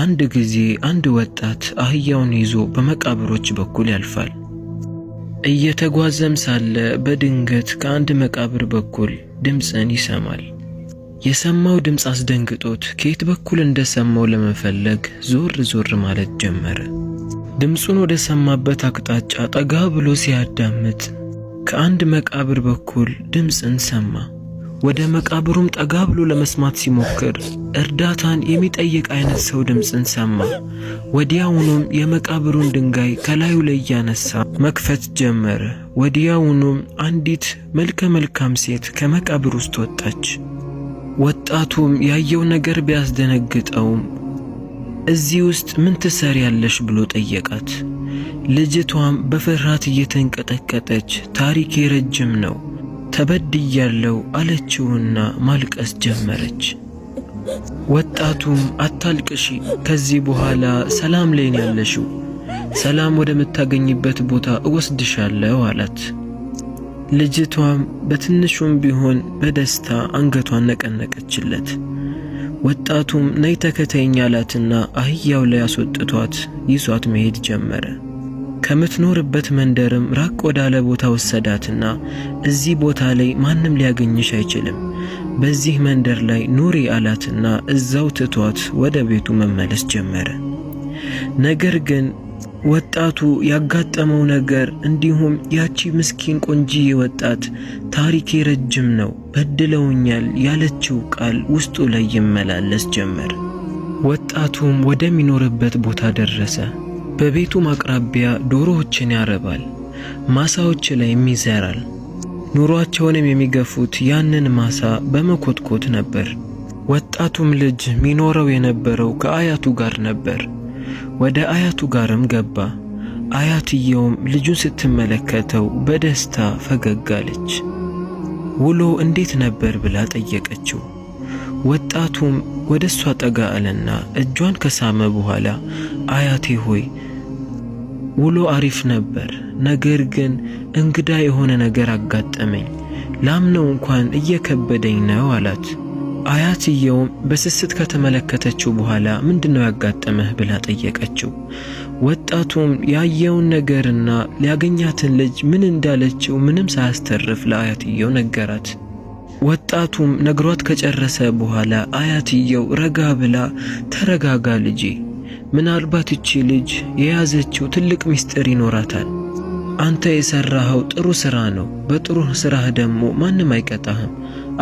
አንድ ጊዜ አንድ ወጣት አህያውን ይዞ በመቃብሮች በኩል ያልፋል። እየተጓዘም ሳለ በድንገት ከአንድ መቃብር በኩል ድምፅን ይሰማል። የሰማው ድምፅ አስደንግጦት ከየት በኩል እንደሰማው ለመፈለግ ዞር ዞር ማለት ጀመረ። ድምፁን ወደ ሰማበት አቅጣጫ ጠጋ ብሎ ሲያዳምጥ ከአንድ መቃብር በኩል ድምፅን ሰማ። ወደ መቃብሩም ጠጋ ብሎ ለመስማት ሲሞክር እርዳታን የሚጠይቅ አይነት ሰው ድምፅን ሰማ። ወዲያውኑም የመቃብሩን ድንጋይ ከላዩ ላይ እያነሳ መክፈት ጀመረ። ወዲያውኑም አንዲት መልከ መልካም ሴት ከመቃብር ውስጥ ወጣች። ወጣቱም ያየው ነገር ቢያስደነግጠውም እዚህ ውስጥ ምን ትሰሪያለሽ ብሎ ጠየቃት። ልጅቷም በፍርሃት እየተንቀጠቀጠች ታሪኬ ረጅም ነው ተበድያለው አለችውና ማልቀስ ጀመረች። ወጣቱም አታልቅሺ፣ ከዚህ በኋላ ሰላም ላይ ነው ያለሽው፣ ሰላም ወደምታገኝበት ቦታ እወስድሻለሁ አላት። ልጅቷም በትንሹም ቢሆን በደስታ አንገቷን ነቀነቀችለት። ወጣቱም ነይ ተከተይኝ አላትና አህያው ላይ አስወጥቷት ይዟት መሄድ ጀመረ። ከምትኖርበት መንደርም ራቅ ወዳለ ቦታ ወሰዳትና እዚህ ቦታ ላይ ማንም ሊያገኝሽ አይችልም፣ በዚህ መንደር ላይ ኑሪ አላትና እዛው ትቷት ወደ ቤቱ መመለስ ጀመረ። ነገር ግን ወጣቱ ያጋጠመው ነገር እንዲሁም ያቺ ምስኪን ቆንጂ ወጣት ታሪኬ ረጅም ነው፣ በድለውኛል ያለችው ቃል ውስጡ ላይ ይመላለስ ጀመር። ወጣቱም ወደሚኖርበት ቦታ ደረሰ። በቤቱም አቅራቢያ ዶሮዎችን ያረባል፣ ማሳዎች ላይም ይዘራል። ኑሯቸውንም የሚገፉት ያንን ማሳ በመኮትኮት ነበር። ወጣቱም ልጅ ሚኖረው የነበረው ከአያቱ ጋር ነበር። ወደ አያቱ ጋርም ገባ። አያትየውም ልጁን ስትመለከተው በደስታ ፈገግ አለች። ውሎ እንዴት ነበር ብላ ጠየቀችው። ወጣቱም ወደ እሷ ጠጋ አለና እጇን ከሳመ በኋላ አያቴ ሆይ ውሎ አሪፍ ነበር። ነገር ግን እንግዳ የሆነ ነገር አጋጠመኝ። ላምነው እንኳን እየከበደኝ ነው አላት። አያትየውም በስስት ከተመለከተችው በኋላ ምንድነው ያጋጠመህ ብላ ጠየቀችው። ወጣቱም ያየውን ነገርና ሊያገኛትን ልጅ ምን እንዳለችው ምንም ሳያስተርፍ ለአያትየው ነገራት። ወጣቱም ነግሯት ከጨረሰ በኋላ አያትየው ረጋ ብላ ተረጋጋ ልጄ ምናልባት እቺ ልጅ የያዘችው ትልቅ ምስጢር ይኖራታል። አንተ የሠራኸው ጥሩ ሥራ ነው። በጥሩ ሥራህ ደግሞ ማንም አይቀጣህም፣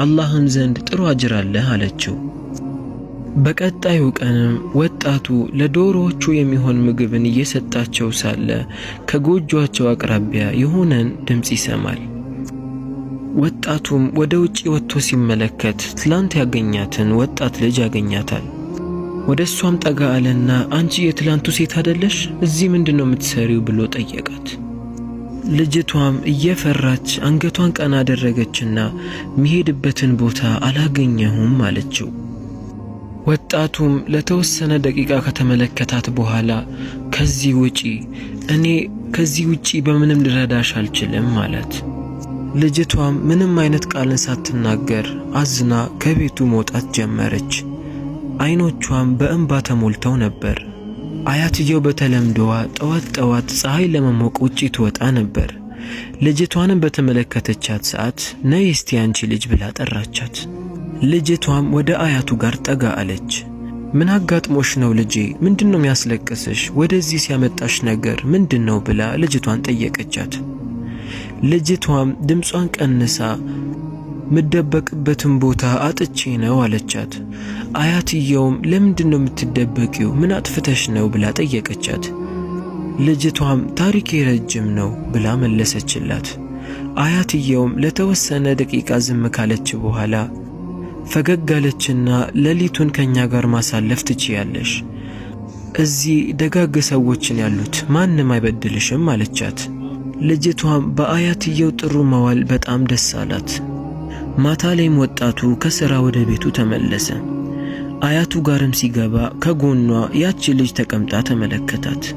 አላህም ዘንድ ጥሩ አጅራለህ አለችው። በቀጣዩ ቀንም ወጣቱ ለዶሮዎቹ የሚሆን ምግብን እየሰጣቸው ሳለ ከጎጇቸው አቅራቢያ የሆነን ድምፅ ይሰማል። ወጣቱም ወደ ውጪ ወጥቶ ሲመለከት ትላንት ያገኛትን ወጣት ልጅ ያገኛታል። ወደ እሷም ጠጋ አለና አንቺ የትላንቱ ሴት አደለሽ? እዚህ ምንድን ነው የምትሰሪው ብሎ ጠየቃት። ልጅቷም እየፈራች አንገቷን ቀና አደረገችና የሚሄድበትን ቦታ አላገኘሁም አለችው። ወጣቱም ለተወሰነ ደቂቃ ከተመለከታት በኋላ ከዚህ ውጪ እኔ ከዚህ ውጪ በምንም ልረዳሽ አልችልም አላት። ልጅቷም ምንም አይነት ቃልን ሳትናገር አዝና ከቤቱ መውጣት ጀመረች። አይኖቿም በእንባ ተሞልተው ነበር። አያትየው በተለምዶዋ ጠዋት ጠዋት ፀሐይ ለመሞቅ ውጪ ትወጣ ነበር። ልጅቷንም በተመለከተቻት ሰዓት ነይ እስቲ አንቺ ልጅ ብላ ጠራቻት። ልጅቷም ወደ አያቱ ጋር ጠጋ አለች። ምን አጋጥሞሽ ነው ልጄ? ምንድን ነው የሚያስለቅስሽ? ወደዚህ ሲያመጣሽ ነገር ምንድን ነው ብላ ልጅቷን ጠየቀቻት። ልጅቷም ድምጿን ቀንሳ የምደበቅበትን ቦታ አጥቼ ነው አለቻት። አያትየውም ለምንድን ነው የምትደበቂው? ምን አጥፍተሽ ነው ብላ ጠየቀቻት። ልጅቷም ታሪኬ ረጅም ነው ብላ መለሰችላት። አያትየውም ለተወሰነ ደቂቃ ዝም ካለች በኋላ ፈገግ አለችና ሌሊቱን ከእኛ ጋር ማሳለፍ ትችያለሽ፣ እዚህ ደጋግ ሰዎችን ያሉት ማንም አይበድልሽም አለቻት። ልጅቷም በአያትየው ጥሩ መዋል በጣም ደስ አላት። ማታ ላይም ወጣቱ ከሥራ ወደ ቤቱ ተመለሰ። አያቱ ጋርም ሲገባ ከጎኗ ያቺ ልጅ ተቀምጣ ተመለከታት።